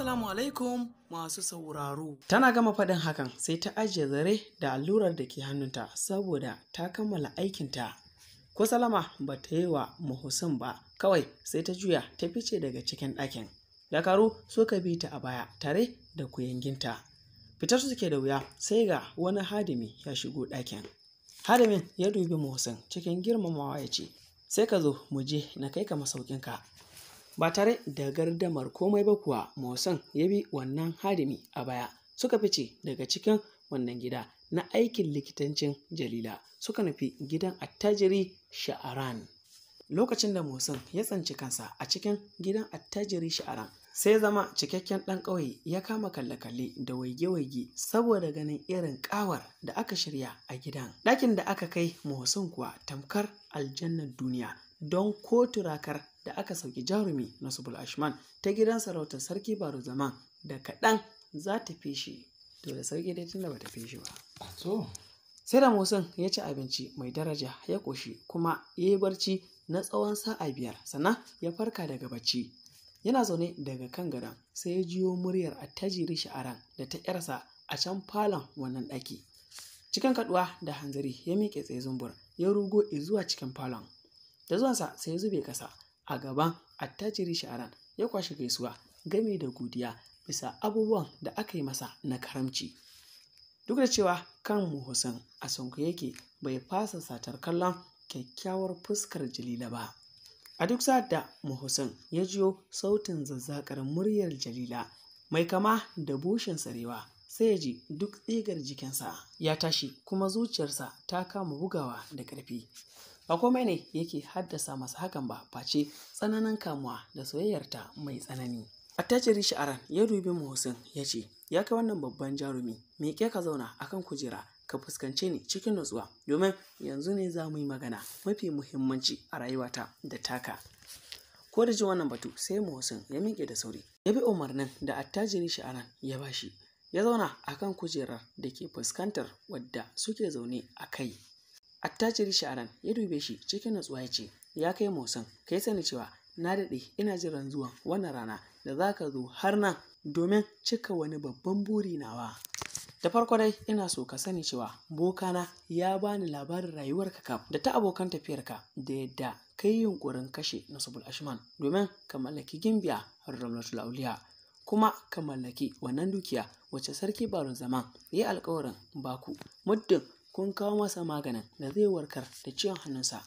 Assalamu alaikum masu sauraro. Tana gama faɗin hakan sai ta ajiye zare da allurar da ke hannunta saboda ta kammala aikinta. Ko salama ba ta yi wa mahusin ba kawai sai ta juya ta fice daga cikin ɗakin. Dakaru suka bi ta a baya tare da kuyanginta. Fitar suke da wuya sai ga wani hadimi ya shigo ɗakin. Hadimin ya dubi muhusin cikin girmamawa ya ce, Sai ka zo mu je na kai ka masaukinka ba tare da gardamar komai ba kuwa Mosan ya bi wannan harimi a baya suka fice daga cikin wannan gida na aikin likitancin Jalila suka nufi gidan attajiri Sha'aran. Lokacin da Mosan ya tsanci kansa a cikin gidan attajiri Sha'aran sai zama cikakken ɗan ƙauye ya kama kalle-kalle da waige-waige saboda ganin irin ƙawar da aka shirya a gidan. Ɗakin da aka kai Mohsen kuwa tamkar aljannar duniya don ko turakar da aka sauki jarumi na subul ashman ta gidan sarautar sarki baro zaman da kaɗan za ta fi shi to da sarki dai tunda bata fi shi ba sai da musan ya ci abinci mai daraja ya koshi kuma ya yi barci na tsawon sa'a biyar sannan ya farka daga bacci yana zaune daga kan gadon sai ya jiyo muryar attajiri sha'aran da ta yarsa a can falon wannan ɗaki cikin kaduwa da hanzari ya miƙe tsaye zumbur ya rugo zuwa cikin falon da zuwansa sai ya zube kasa a gaban attajiri sha'aran ya kwashe gaisuwa game da godiya bisa abubuwan da aka yi masa na karamci duk da cewa kan muhusan a sunku yake bai fasa satar kallon kyakkyawar fuskar jalila ba a duk sa'ad da muhusan ya jiyo sautin zazzakar muryar jalila mai kama da bushin sarewa sai ya ji duk tsigar jikinsa ya tashi kuma zuciyarsa ta kama bugawa da ƙarfi ba komai ne yake haddasa masa hakan ba face tsananin kamuwa da soyayyarta mai tsanani attajiri sha'aran ya dubi muhusin ya ce ya kai wannan babban jarumi miƙe ka zauna akan kujera ka fuskance ni cikin nutsuwa domin yanzu ne za mu yi magana mafi muhimmanci a rayuwata da taka ko da ji wannan batu sai muhsin ya miƙe da sauri ya bi umarnin da attajiri sha'aran ya bashi ya zauna akan kujerar da ke fuskantar wadda suke zaune a kai Attajiri sha'aran ya dube shi cikin natsuwa ya ce, Ya kai motsin ka yi sani cewa na daɗe ina jiran zuwan wannan rana da za ka zo har nan domin cika wani babban buri nawa. Da farko dai ina so ka sani cewa bokana ya bani labarin rayuwarka kam da ta abokan tafiyarka da yadda ka yi yunkurin kashe Nasibul Ashman domin ka mallaki gimbiya Ramlatul Auliya kuma ka mallaki wannan dukiya wacce sarki Barun Zaman ya yi alkawarin baku muddin kun kawo masa maganin da zai warkar da ciwon hannunsa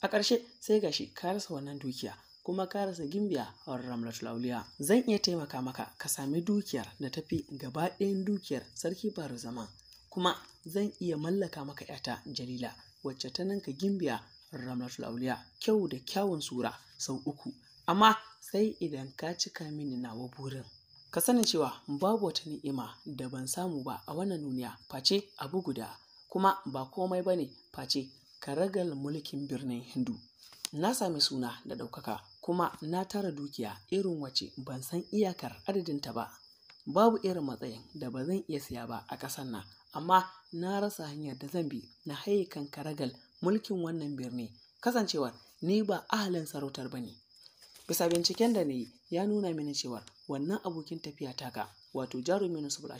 a ƙarshe sai gashi ka rasa wannan dukiya kuma ka rasa gimbiya a ramlatul lauliya zan iya taimaka maka ka sami dukiyar da tafi gaba ɗayan dukiyar sarki faru zaman kuma zan iya mallaka maka yata jalila wacce ta ninka gimbiya ramlar lauliya kyau da kyawun sura sau uku amma sai idan ka cika mini nawa burin ka sani cewa babu wata ni'ima da ban samu ba a wannan duniya face abu guda kuma ba komai ba ne face karagal mulkin birnin hindu na sami suna da ɗaukaka kuma na tara dukiya irin wace ban san iyakar adadinta ba babu irin matsayin da ba zan iya siya ba a ƙasar nan amma na rasa hanyar da zan bi na haye kan karagal mulkin wannan birni kasancewar ni ba ahalin sarautar ba ne bisa binciken da na ya nuna mini cewar wannan abokin tafiya taka wato jarumin yusuf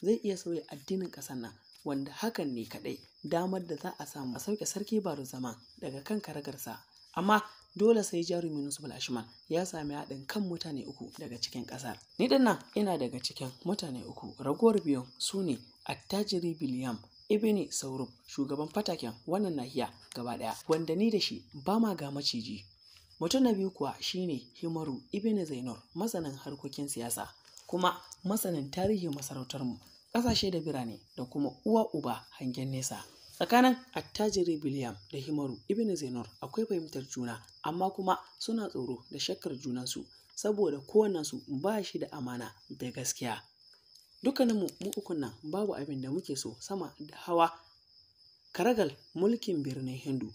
zai iya sauya addinin ƙasar nan wanda hakan ne kaɗai damar da za a samu a sauke sarki baro zama daga kan karagarsa amma dole sai jarumi Yunus Bulashiman ya sami haɗin kan mutane uku daga cikin ƙasar. Ni dinnan ina daga cikin mutane uku ragowar biyun su ne attajiri Biliyam Ibini Saurub shugaban fataken wannan nahiya gaba ɗaya wanda ni da shi ba ma ga maciji. Mutum na biyu kuwa shine Himaru Ibini Zainur masanin harkokin siyasa kuma masanin tarihin masarautar mu. ƙasashe da birane da kuma uwa uba hangen nesa. Tsakanin attajiri Biliyam da Himaru Ibn Zainur akwai fahimtar juna amma kuma suna tsoro da shakkar junansu saboda kowannensu ba shi da amana da gaskiya. Dukkaninmu mu nan babu abin da muke so sama da hawa karagal mulkin birnin Hindu.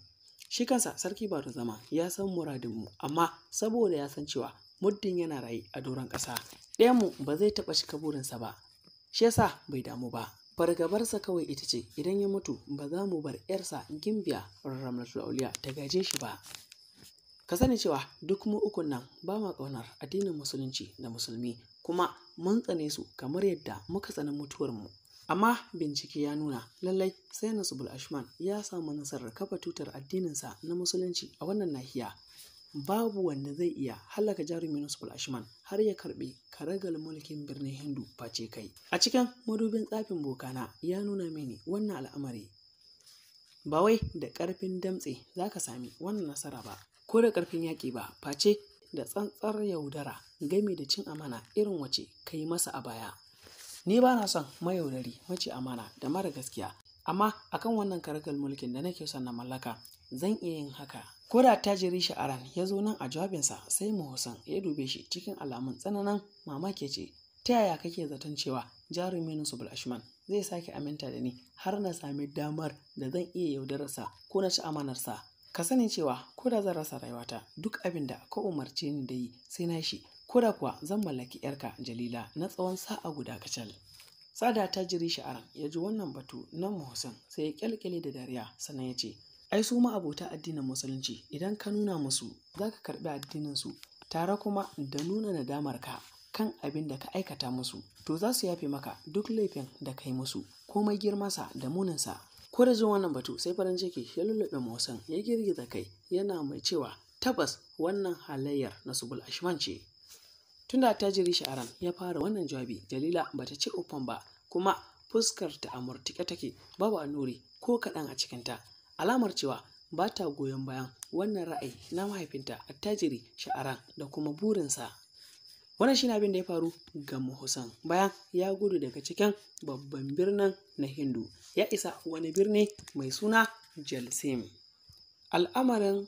Shi kansa sarki ba da zama ya san muradinmu amma saboda ya san cewa muddin yana raye a doron ƙasa ɗayanmu ba zai taɓa shiga burinsa ba shi yasa bai damu ba fargabarsa kawai ita ce idan ya mutu ba za mu bar yarsa gimbiya ramlatul auliya ta gaje shi ba ka sani cewa duk mu ukun nan ba ma ƙaunar addinin musulunci da musulmi kuma mun tsane su kamar yadda muka tsani mu. amma bincike ya nuna lallai sai nasu ashman ya samu nasarar kafa tutar addininsa na musulunci a wannan nahiya babu wanda zai iya halaka jarumin Nusful Ashman har ya karɓi karagal mulkin birnin Hindu face kai. A cikin madubin tsafin bokana ya nuna mini wannan al'amari. Ba wai da karfin damtse za ka sami wannan nasara ba, ko da karfin yaƙi ba, face da tsantsar yaudara gami da cin amana irin wace ka yi masa a baya. Ni ba na son mayaudari mace amana da mara gaskiya, amma akan wannan karagal mulkin da nake son na mallaka zan iya yin haka ko da shi sha'aran ya zo nan a jawabinsa sai muhusan ya dube shi cikin alamun tsananan mamaki ce ta yaya kake zaton cewa jarumin nusu ashman zai sake aminta da ni har na sami damar da zan iya yaudararsa ko na ci amanarsa ka sani cewa ko da zan rasa rayuwata duk abin da ka umarce ni da yi sai na shi ko da kuwa zan mallaki yarka jalila na tsawon sa'a guda kacal sada ta jiri sha'aran ya ji wannan batu na muhusan sai ya kyalkyale da dariya sannan ya ce ai su ma abota addinin musulunci idan ka nuna musu za ka karɓi su. tare kuma da nuna nadamar ka kan abin da ka aikata musu to za su yafe maka duk laifin da ka yi musu komai girma sa da muninsa ko da jin wannan batu sai farin ciki ya lullube musan ya girgiza kai yana mai cewa tabbas wannan halayyar na su ashman ce tunda ta jiri sha'aran ya fara wannan jawabi dalila bata ce uffan ba kuma fuskar ta a take babu nuri, ko kaɗan a cikinta alamar cewa ba ta goyon bayan wannan ra'ayi na mahaifinta attajiri sha'ara da kuma burinsa wannan shi abin da ya faru ga muhusan bayan ya gudu daga cikin babban birnin na Hindu ya isa wani birni mai suna Jalsim al'amarin